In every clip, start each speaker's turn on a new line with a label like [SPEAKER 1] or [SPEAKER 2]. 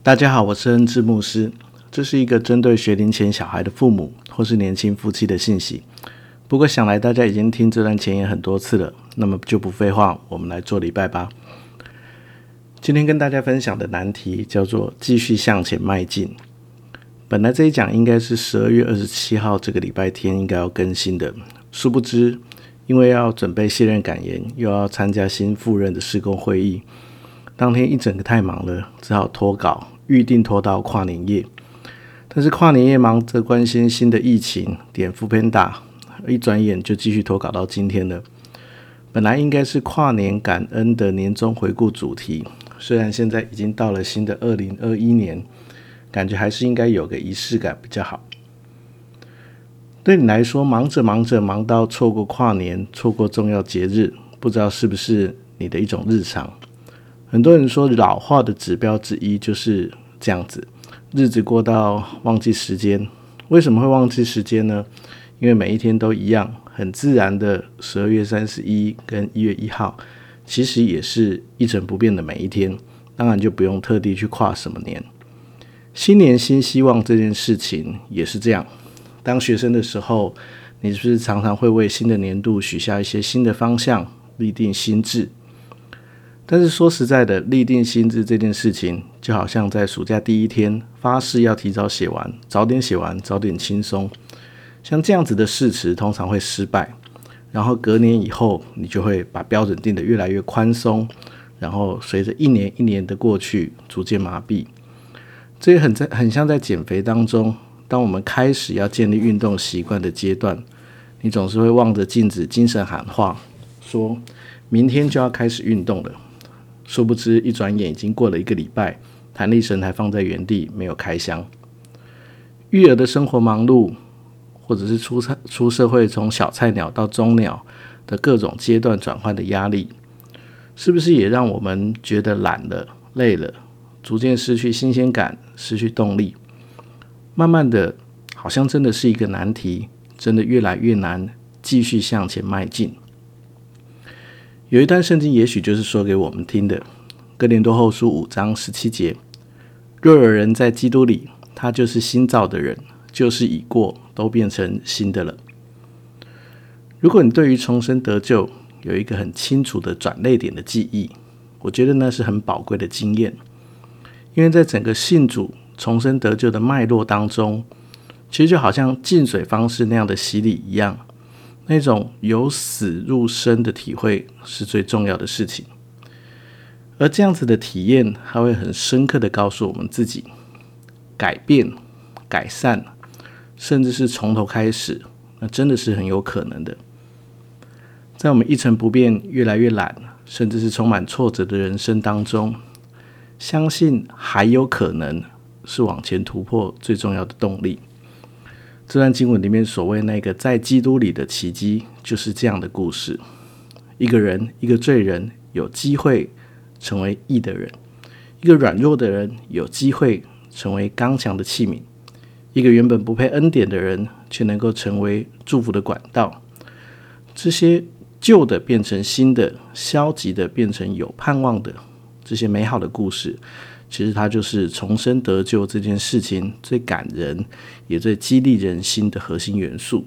[SPEAKER 1] 大家好，我是恩智牧師，這是一個針對學齡前小孩的父母或是年輕夫妻的信息。不過想來大家已經聽這段前言很多次了，那麼就不廢話，我們來做禮拜吧。今天跟大家分享的難題叫做繼續向前邁進。本來這一講應該是十二月二十七號這個禮拜天應該要更新的，殊不知，因為要準備卸任感言，又要參加新赴任的事工會議。當天一整個太忙了，只好拖稿，預定拖到跨年夜。但是跨年夜忙着關心新的疫情，點 foodpanda，一轉眼就繼續拖稿到今天了。本來應該是跨年感恩的年終回顧主題，雖然現在已經到了新的二零二一年，感覺還是應該有個儀式感比較好。對你來說，忙着忙着忙到錯過跨年，錯過重要節日，不知道是不是你的一種日常？很多人說，老化的指標之一就是這樣子，日子過到忘記時間。為什麼會忘記時間呢？因為每一天都一樣，很自然的，十二月三十一跟一月一號，其實也是一成不變的每一天。當然就不用特地去跨什麼年，新年新希望這件事情也是這樣。當學生的時候，你是不是常常會為新的年度許下一些新的方向，立定心志？但是說實在的，立定心智這件事情，就好像在暑假第一天發誓要提早寫完，早點寫完，早點輕鬆。像這樣子的誓詞，通常會失敗。然後隔年以後，你就會把標準定得越來越寬鬆。然後隨着一年一年的過去，逐漸麻痹。這也很在很像在減肥當中，當我們開始要建立運動習慣的階段，你總是會望着鏡子，精神喊話，說明天就要開始運動了。殊不知，一轉眼已經過了一個禮拜，彈力繩還放在原地，沒有開箱。育兒的生活忙碌，或者是出社出社會，從小菜鳥到中鳥的各種階段轉換的壓力，是不是也讓我們覺得懶了、累了，逐漸失去新鮮感、失去動力？慢慢的，好像真的是一個難題，真的越來越難繼續向前邁進。有一段聖經，也許就是說給我們聽的，《哥林多後書》五章十七節：“若有人在基督裡，他就是新造的人，舊事已過都變成新的了。”如果你對於重生得救有一個很清楚的轉捩點的記憶，我覺得那是很寶貴的經驗，因為在整個信主重生得救的脈絡當中，其實就好像浸水方式那樣的洗禮一樣。那種由死入生的體會是最重要的事情，而這樣子的體驗，還會很深刻的告訴我們自己，改變、改善，甚至是從頭開始，那真的是很有可能的。在我們一成不變、越來越懶，甚至是充滿挫折的人生當中，相信還有可能是往前突破最重要的動力。這段經文裡面所謂那個在基督裡的奇迹，就是這樣的故事：一個人，一個罪人，有機會成為義的人；一個軟弱的人，有機會成為剛強的器皿；一個原本不配恩典的人，却能夠成為祝福的管道。這些舊的變成新的，消極的變成有盼望的，這些美好的故事。其實它，就是重生得救這件事情最感人，也最激勵人心的核心元素。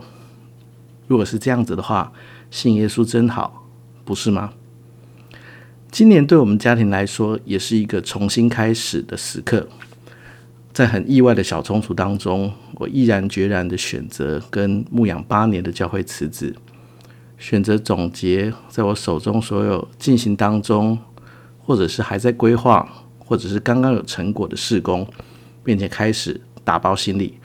[SPEAKER 1] 如果是這樣子的話，信耶穌真好，不是嗎？今年對我們家庭來說，也是一個重新開始的時刻。在很意外的小衝突當中，我毅然決然的選擇跟牧養八年的教會辭職，選擇總結在我手中所有進行當中，或者是還在規劃。或者是剛剛有成果的事工，並且開始打包行李，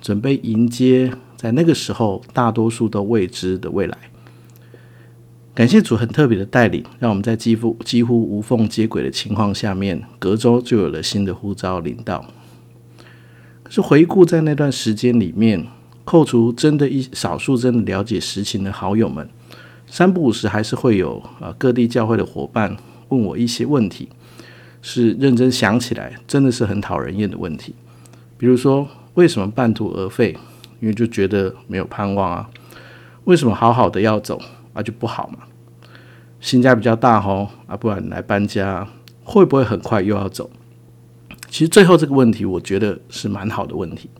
[SPEAKER 1] 準備迎接在那個時候大多數都未知的未來。感謝主很特別的帶領，讓我們在幾乎幾乎無縫接軌的情況下面，隔周就有了新的呼召領到。可是回顧在那段時間裡面，扣除真的一少數真的了解實情的好友們，三不五時還是會有呃各地教會的夥伴問我一些問題。是認真想起來，真的是很討人厭的問題。比如說，為什麼半途而廢？因為就覺得沒有盼望啊。為什麼好好的要走啊？就不好嘛？新家比較大吼啊，不然來搬家會不會很快又要走？其實最後這個問題，我覺得是蠻好的問題。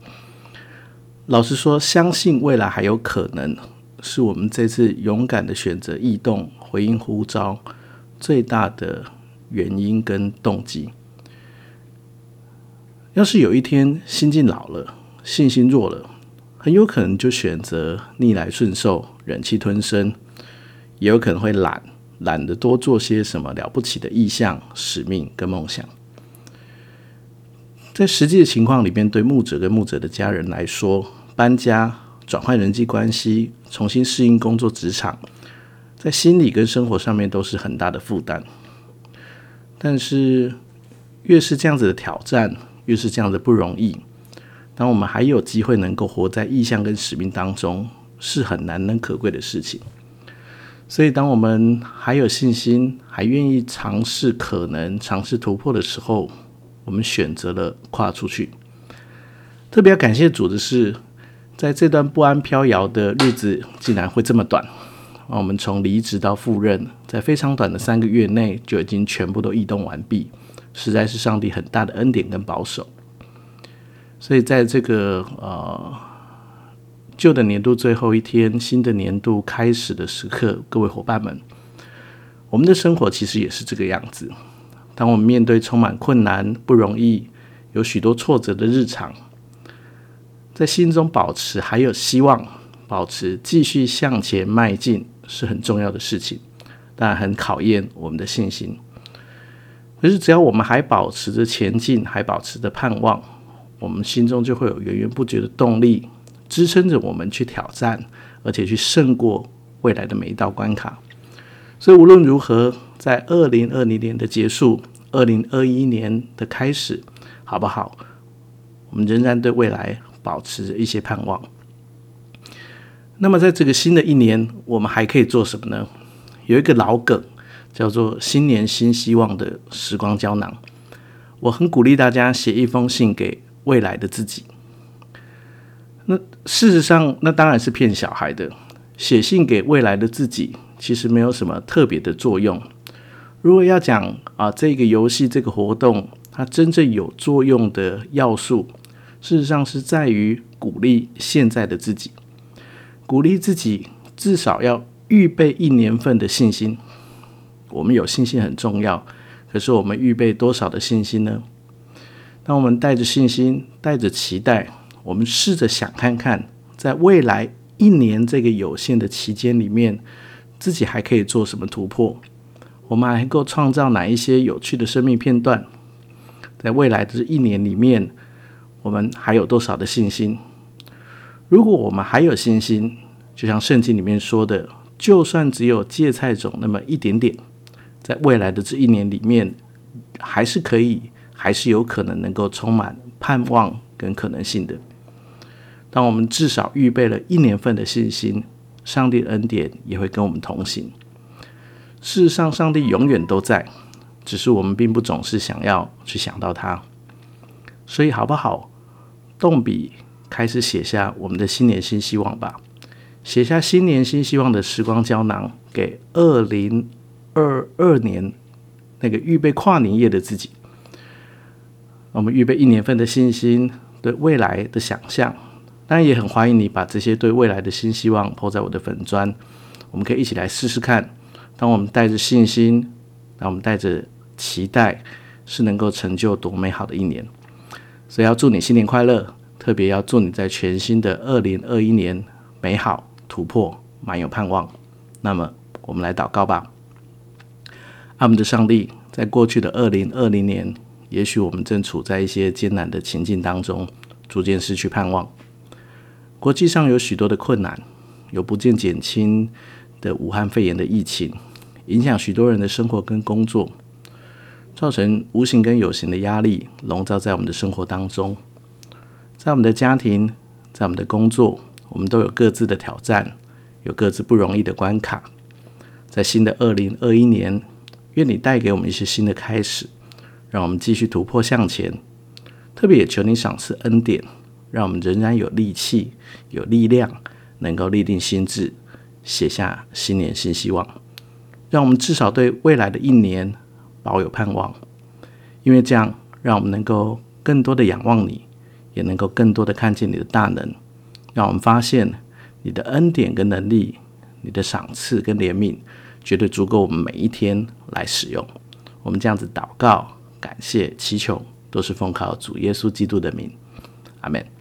[SPEAKER 1] 老實說，相信未來還有可能是我們這次勇敢的選擇、異動、回應呼召最大的。原因跟動機。要是有一天心境老了，信心弱了，很有可能就選擇逆來順受、忍氣吞聲，也有可能會懶，懶得多做些什麼了不起的意象、使命跟夢想。在實際的情況裡面，對牧者跟牧者的家人來說，搬家、轉換人際關係、重新適應工作職場，在心理跟生活上面都是很大的負擔。但是越是這樣子的挑戰，越是這樣子的不容易。當我們還有機會能夠活在異象跟使命當中，是很難能可貴的事情。所以，當我們還有信心，還願意嘗試可能嘗試突破的時候，我們選擇了跨出去。特別要感謝主的是，在這段不安飄搖的日子，竟然會這麼短。那、嗯、我們從離職到赴任，在非常短的三個月內就已經全部都異動完畢，實在是上帝很大的恩典跟保守。所以，在這個呃舊的年度最後一天，新的年度開始的時刻，各位夥伴們，我們的生活其實也是這個樣子。當我們面對充滿困難、不容易、有許多挫折的日常，在心中保持還有希望，保持繼續向前邁進，是很重要的事情，但很考驗我們的信心。可是，只要我們還保持着前進，還保持着盼望，我們心中就會有源源不絕的動力，支撐着我們去挑戰，而且去勝過未來的每一道關卡。所以，無論如何，在二零二零年的結束，二零二一年的開始，好不好？我們仍然對未來保持着一些盼望。那麼，在這個新的一年，我們還可以做什麼呢？有一個老梗，叫做“新年新希望”的時光膠囊。我很鼓勵大家寫一封信給未來的自己。那事實上，那當然是騙小孩的。寫信給未來的自己，其實沒有什麼特別的作用。如果要講啊，這個遊戲這個活動，它真正有作用的要素，事實上是在於鼓勵現在的自己。鼓勵自己，至少要預備一年份的信心。我們有信心很重要，可是我們預備多少的信心呢？當我們帶着信心，帶着期待，我們試着想看看，在未來一年這個有限的期間裡面，自己還可以做什麼突破？我們還能夠創造哪一些有趣的生命片段？在未來這一年裡面，我們還有多少的信心？如果我們還有信心，就像聖經裡面說的，就算只有芥菜種那麼一點點，在未來的這一年裡面，還是可以，還是有可能能夠充滿盼望跟可能性的。當我們至少預備了一年份的信心，上帝恩典也會跟我們同行。事實上，上帝永遠都在，只是我們並不總是想要去想到他。所以，好不好動筆？開始寫下我們的新年新希望吧，寫下新年新希望的時光膠囊，給二零二二年那個預備跨年夜的自己。我們預備一年份的信心，對未來的想象。當然，也很歡迎你把這些對未來的新希望拋在我的粉專，我們可以一起來試試看。當我們帶着信心，當我們帶着期待，是能夠成就多美好的一年。所以，要祝你新年快樂！特別要祝你在全新的二零二一年美好突破，滿有盼望。那麼，我們來禱告吧。阿門的上帝，在過去的二零二零年，也許我們正處在一些艱難的情境當中，逐漸失去盼望。國際上有許多的困難，有不見減輕的武漢肺炎的疫情，影響許多人的生活跟工作，造成無形跟有形的壓力籠罩在我們的生活當中。在我們的家庭，在我們的工作，我們都有各自的挑戰，有各自不容易的關卡。在新的二零二一年，願你帶給我們一些新的開始，讓我們繼續突破向前。特別也求你賞賜恩典，讓我們仍然有力氣、有力量，能夠立定心志，寫下新年新希望，讓我們至少對未來的一年保有盼望，因為這樣，讓我們能夠更多的仰望你。也能夠更多的看見你的大能，讓我們發現你的恩典跟能力，你的賞賜跟憐憫，絕對足夠我們每一天來使用。我們這樣子禱告，感謝祈求，都是奉靠主耶穌基督的名，阿門。